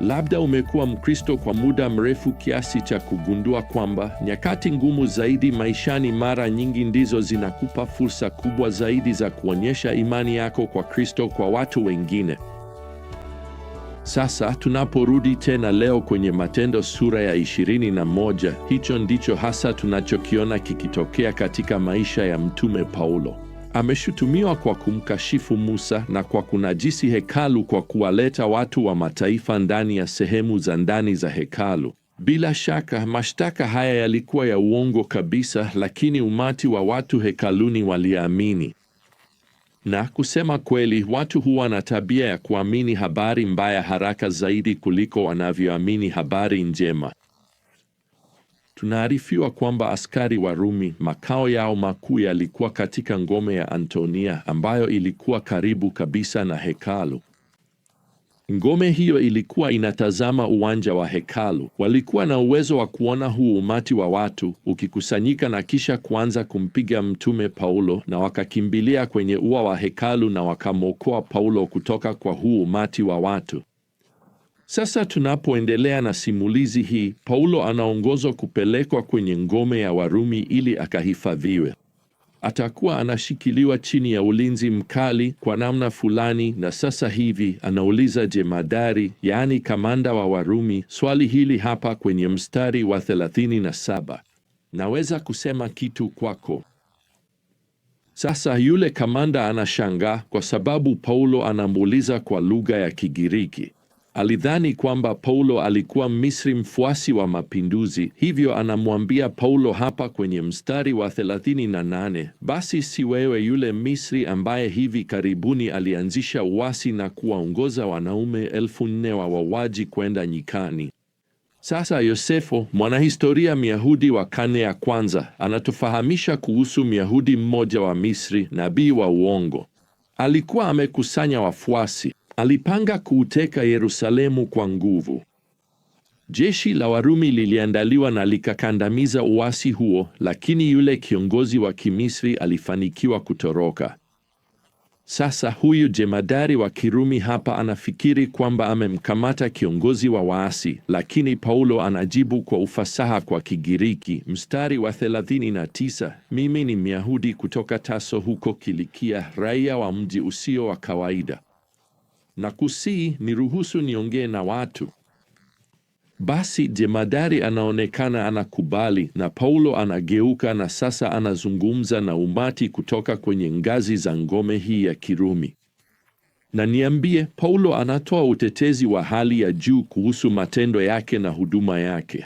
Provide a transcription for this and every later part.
Labda umekuwa Mkristo kwa muda mrefu kiasi cha kugundua kwamba nyakati ngumu zaidi maishani mara nyingi ndizo zinakupa fursa kubwa zaidi za kuonyesha imani yako kwa Kristo kwa watu wengine. Sasa tunaporudi tena leo kwenye Matendo sura ya 21, hicho ndicho hasa tunachokiona kikitokea katika maisha ya Mtume Paulo ameshutumiwa kwa kumkashifu Musa na kwa kunajisi hekalu kwa kuwaleta watu wa mataifa ndani ya sehemu za ndani za hekalu. Bila shaka mashtaka haya yalikuwa ya uongo kabisa, lakini umati wa watu hekaluni waliamini. Na kusema kweli, watu huwa na tabia ya kuamini habari mbaya haraka zaidi kuliko wanavyoamini habari njema. Tunaarifiwa kwamba askari wa rumi makao yao makuu yalikuwa katika ngome ya Antonia ambayo ilikuwa karibu kabisa na hekalu. Ngome hiyo ilikuwa inatazama uwanja wa hekalu. Walikuwa na uwezo wa kuona huu umati wa watu ukikusanyika na kisha kuanza kumpiga mtume Paulo, na wakakimbilia kwenye ua wa hekalu na wakamwokoa Paulo kutoka kwa huu umati wa watu. Sasa tunapoendelea na simulizi hii, Paulo anaongozwa kupelekwa kwenye ngome ya Warumi ili akahifadhiwe. Atakuwa anashikiliwa chini ya ulinzi mkali kwa namna fulani, na sasa hivi anauliza jemadari, yaani kamanda wa Warumi, swali hili hapa kwenye mstari wa 37: naweza kusema kitu kwako? Sasa yule kamanda anashangaa kwa sababu Paulo anamuuliza kwa lugha ya Kigiriki alidhani kwamba Paulo alikuwa Misri mfuasi wa mapinduzi, hivyo anamwambia Paulo hapa kwenye mstari wa 38, basi si wewe yule Misri ambaye hivi karibuni alianzisha uasi na kuwaongoza wanaume elfu nne wa wawaji kwenda nyikani? Sasa Yosefo, mwanahistoria Myahudi wa karne ya kwanza, anatufahamisha kuhusu Myahudi mmoja wa Misri, nabii wa uongo. Alikuwa amekusanya wafuasi Alipanga kuuteka Yerusalemu kwa nguvu. Jeshi la Warumi liliandaliwa na likakandamiza uasi huo, lakini yule kiongozi wa Kimisri alifanikiwa kutoroka. Sasa huyu jemadari wa Kirumi hapa anafikiri kwamba amemkamata kiongozi wa waasi, lakini Paulo anajibu kwa ufasaha kwa Kigiriki. Mstari wa 39: mimi ni Myahudi kutoka Taso huko Kilikia, raia wa mji usio wa kawaida na kusii, niruhusu niongee na watu. Basi jemadari anaonekana anakubali, na Paulo anageuka na sasa anazungumza na umati kutoka kwenye ngazi za ngome hii ya Kirumi. Na niambie, Paulo anatoa utetezi wa hali ya juu kuhusu matendo yake na huduma yake.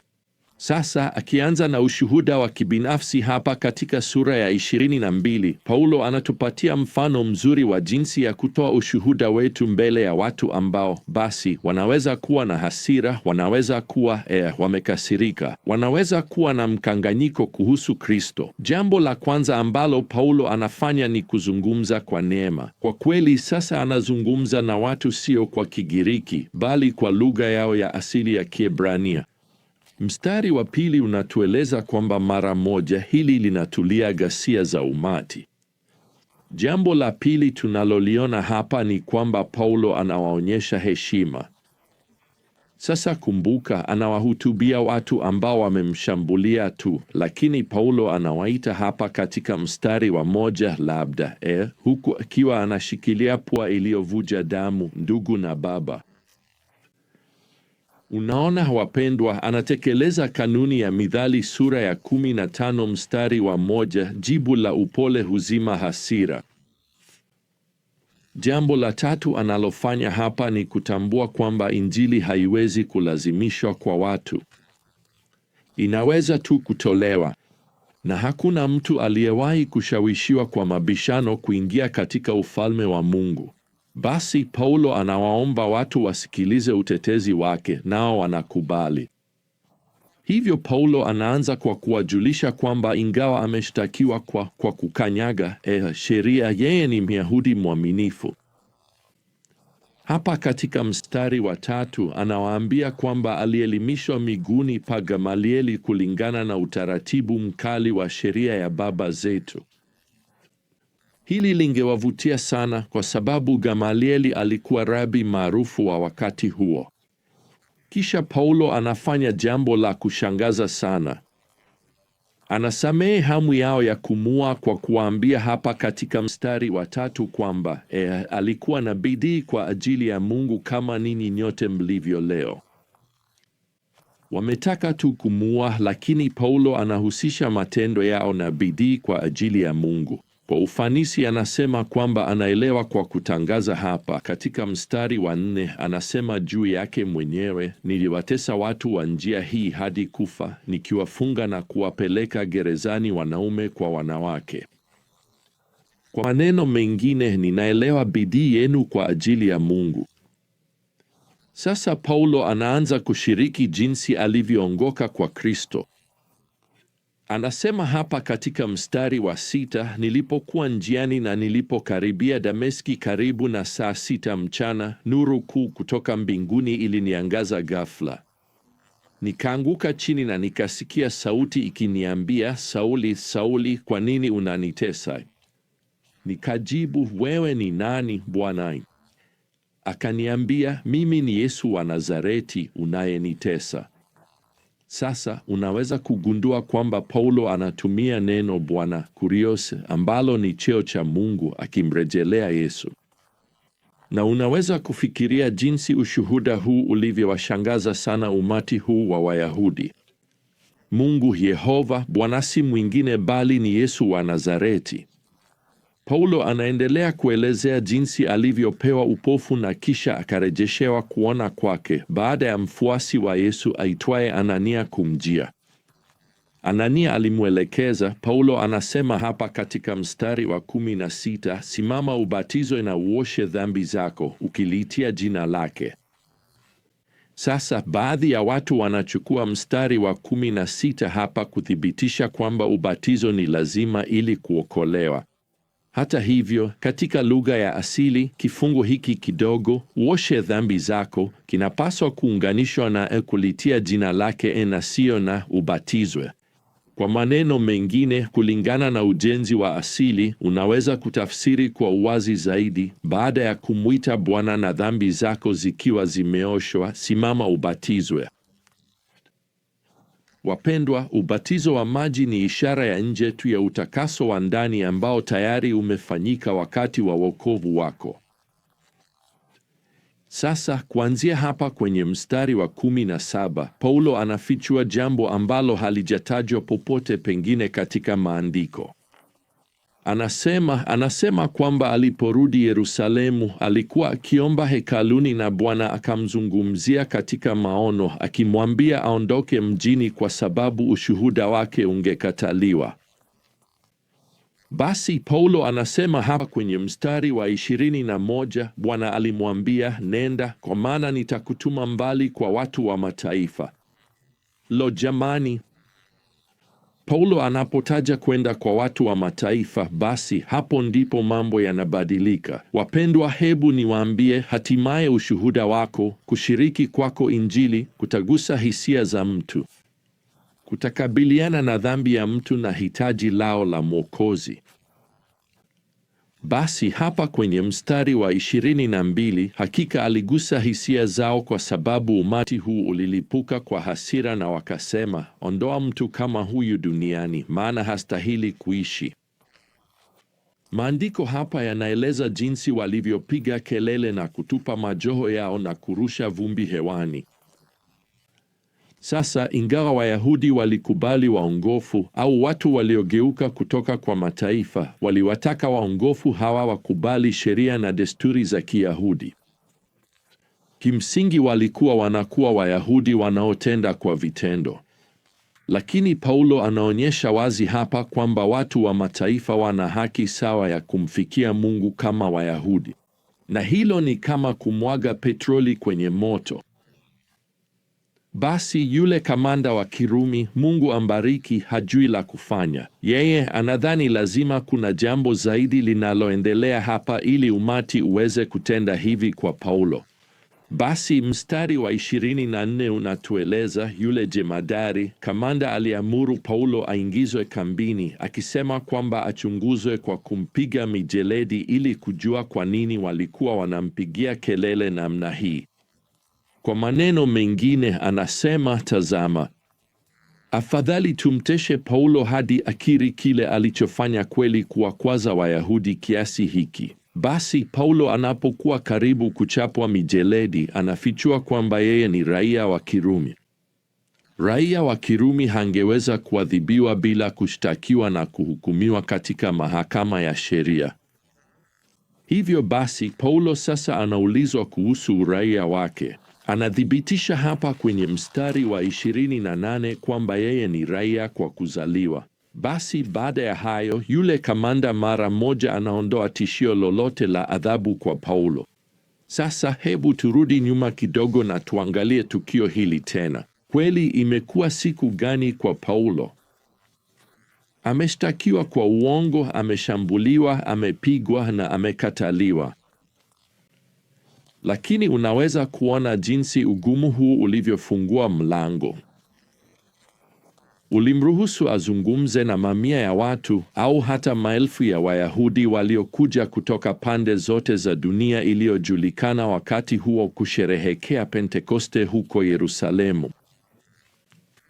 Sasa akianza na ushuhuda wa kibinafsi hapa katika sura ya 22, Paulo anatupatia mfano mzuri wa jinsi ya kutoa ushuhuda wetu mbele ya watu ambao basi wanaweza kuwa na hasira, wanaweza kuwa eh, wamekasirika, wanaweza kuwa na mkanganyiko kuhusu Kristo. Jambo la kwanza ambalo Paulo anafanya ni kuzungumza kwa neema. Kwa kweli, sasa anazungumza na watu sio kwa Kigiriki, bali kwa lugha yao ya asili ya Kiebrania. Mstari wa pili unatueleza kwamba mara moja hili linatulia ghasia za umati. Jambo la pili tunaloliona hapa ni kwamba Paulo anawaonyesha heshima. Sasa kumbuka, anawahutubia watu ambao wamemshambulia tu, lakini Paulo anawaita hapa katika mstari wa moja labda eh, huku akiwa anashikilia pua iliyovuja damu, ndugu na baba. Unaona wapendwa, anatekeleza kanuni ya Mithali sura ya kumi na tano mstari wa moja: jibu la upole huzima hasira. Jambo la tatu analofanya hapa ni kutambua kwamba injili haiwezi kulazimishwa kwa watu, inaweza tu kutolewa, na hakuna mtu aliyewahi kushawishiwa kwa mabishano kuingia katika ufalme wa Mungu. Basi Paulo anawaomba watu wasikilize utetezi wake, nao wanakubali. Hivyo Paulo anaanza kwa kuwajulisha kwamba ingawa ameshtakiwa kwa, kwa kukanyaga eh, sheria, yeye ni Myahudi mwaminifu. Hapa katika mstari wa tatu anawaambia kwamba alielimishwa miguuni pa Gamalieli kulingana na utaratibu mkali wa sheria ya baba zetu. Hili lingewavutia sana kwa sababu Gamalieli alikuwa rabi maarufu wa wakati huo. Kisha Paulo anafanya jambo la kushangaza sana. Anasamehe hamu yao ya kumua kwa kuwaambia hapa katika mstari wa tatu kwamba e, alikuwa na bidii kwa ajili ya Mungu kama ninyi nyote mlivyo leo. Wametaka tu kumua, lakini Paulo anahusisha matendo yao na bidii kwa ajili ya Mungu kwa ufanisi anasema kwamba anaelewa kwa kutangaza hapa. Katika mstari wa nne anasema juu yake mwenyewe, niliwatesa watu wa njia hii hadi kufa, nikiwafunga na kuwapeleka gerezani, wanaume kwa wanawake. Kwa maneno mengine, ninaelewa bidii yenu kwa ajili ya Mungu. Sasa Paulo anaanza kushiriki jinsi alivyoongoka kwa Kristo. Anasema hapa katika mstari wa sita, nilipokuwa njiani na nilipokaribia Dameski karibu na saa sita mchana, nuru kuu kutoka mbinguni iliniangaza ghafla. Nikaanguka chini na nikasikia sauti ikiniambia, Sauli, Sauli, kwa nini unanitesa? Nikajibu, wewe ni nani Bwana? Akaniambia, mimi ni Yesu wa Nazareti unayenitesa. Sasa unaweza kugundua kwamba Paulo anatumia neno Bwana kurios ambalo ni cheo cha Mungu akimrejelea Yesu, na unaweza kufikiria jinsi ushuhuda huu ulivyowashangaza sana umati huu wa Wayahudi. Mungu Yehova Bwana si mwingine bali ni Yesu wa Nazareti. Paulo anaendelea kuelezea jinsi alivyopewa upofu na kisha akarejeshewa kuona kwake baada ya mfuasi wa Yesu aitwaye Anania kumjia. Anania alimwelekeza. Paulo anasema hapa katika mstari wa kumi na sita, simama ubatizwe na uoshe dhambi zako ukiliitia jina lake. Sasa baadhi ya watu wanachukua mstari wa kumi na sita hapa kuthibitisha kwamba ubatizo ni lazima ili kuokolewa. Hata hivyo, katika lugha ya asili kifungu hiki kidogo uoshe dhambi zako kinapaswa kuunganishwa na e kulitia jina lake e na sio na ubatizwe. Kwa maneno mengine, kulingana na ujenzi wa asili, unaweza kutafsiri kwa uwazi zaidi: baada ya kumwita Bwana na dhambi zako zikiwa zimeoshwa, simama ubatizwe. Wapendwa, ubatizo wa maji ni ishara ya nje tu ya utakaso wa ndani ambao tayari umefanyika wakati wa wokovu wako. Sasa kuanzia hapa kwenye mstari wa kumi na saba Paulo anafichua jambo ambalo halijatajwa popote pengine katika maandiko. Anasema anasema kwamba aliporudi Yerusalemu alikuwa akiomba hekaluni na Bwana akamzungumzia katika maono akimwambia aondoke mjini kwa sababu ushuhuda wake ungekataliwa. Basi Paulo anasema hapa kwenye mstari wa ishirini na moja, Bwana alimwambia nenda, kwa maana nitakutuma mbali kwa watu wa mataifa. Lo, jamani! Paulo anapotaja kwenda kwa watu wa mataifa, basi hapo ndipo mambo yanabadilika. Wapendwa, hebu niwaambie, hatimaye ushuhuda wako, kushiriki kwako Injili kutagusa hisia za mtu, kutakabiliana na dhambi ya mtu na hitaji lao la Mwokozi. Basi hapa kwenye mstari wa ishirini na mbili hakika aligusa hisia zao, kwa sababu umati huu ulilipuka kwa hasira, na wakasema, ondoa mtu kama huyu duniani, maana hastahili kuishi. Maandiko hapa yanaeleza jinsi walivyopiga kelele na kutupa majoho yao na kurusha vumbi hewani. Sasa ingawa Wayahudi walikubali waongofu au watu waliogeuka kutoka kwa mataifa, waliwataka waongofu hawa wakubali sheria na desturi za Kiyahudi. Kimsingi walikuwa wanakuwa Wayahudi wanaotenda kwa vitendo. Lakini Paulo anaonyesha wazi hapa kwamba watu wa mataifa wana haki sawa ya kumfikia Mungu kama Wayahudi. Na hilo ni kama kumwaga petroli kwenye moto. Basi yule kamanda wa Kirumi, Mungu ambariki, hajui la kufanya. Yeye anadhani lazima kuna jambo zaidi linaloendelea hapa ili umati uweze kutenda hivi kwa Paulo. Basi mstari wa 24 unatueleza yule jemadari kamanda aliamuru Paulo aingizwe kambini, akisema kwamba achunguzwe kwa kumpiga mijeledi ili kujua kwa nini walikuwa wanampigia kelele namna hii. Kwa maneno mengine, anasema tazama, afadhali tumteshe Paulo hadi akiri kile alichofanya kweli kuwakwaza Wayahudi kiasi hiki. Basi Paulo anapokuwa karibu kuchapwa mijeledi, anafichua kwamba yeye ni raia wa Kirumi. Raia wa Kirumi hangeweza kuadhibiwa bila kushtakiwa na kuhukumiwa katika mahakama ya sheria. Hivyo basi, Paulo sasa anaulizwa kuhusu uraia wake. Anathibitisha hapa kwenye mstari wa 28 kwamba yeye ni raia kwa kuzaliwa. Basi baada ya hayo, yule kamanda mara moja anaondoa tishio lolote la adhabu kwa Paulo. Sasa hebu turudi nyuma kidogo na tuangalie tukio hili tena. Kweli imekuwa siku gani kwa Paulo? Ameshtakiwa kwa uongo, ameshambuliwa, amepigwa na amekataliwa. Lakini unaweza kuona jinsi ugumu huu ulivyofungua mlango. Ulimruhusu azungumze na mamia ya watu au hata maelfu ya Wayahudi waliokuja kutoka pande zote za dunia iliyojulikana wakati huo kusherehekea Pentekoste huko Yerusalemu.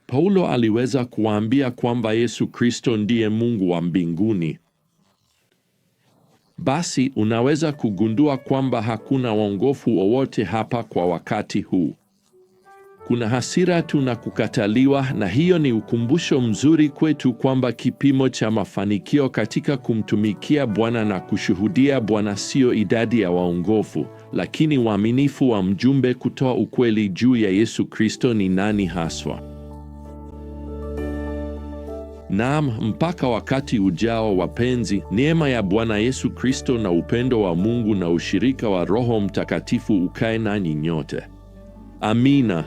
Paulo aliweza kuwaambia kwamba Yesu Kristo ndiye Mungu wa mbinguni basi unaweza kugundua kwamba hakuna uongofu wowote hapa kwa wakati huu. Kuna hasira tu na kukataliwa, na hiyo ni ukumbusho mzuri kwetu kwamba kipimo cha mafanikio katika kumtumikia Bwana na kushuhudia Bwana siyo idadi ya waongofu, lakini uaminifu wa mjumbe kutoa ukweli juu ya Yesu Kristo ni nani haswa. Naam, mpaka wakati ujao, wapenzi, neema ya Bwana Yesu Kristo na upendo wa Mungu na ushirika wa Roho Mtakatifu ukae nanyi nyote. Amina.